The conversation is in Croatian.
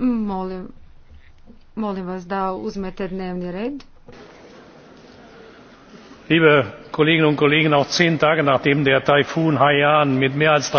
Molim, molim vas da uzmete dnevni red. Liebe Kolleginnen und Kollegen, auch zehn Tage nachdem der Taifun Haiyan mit mehr als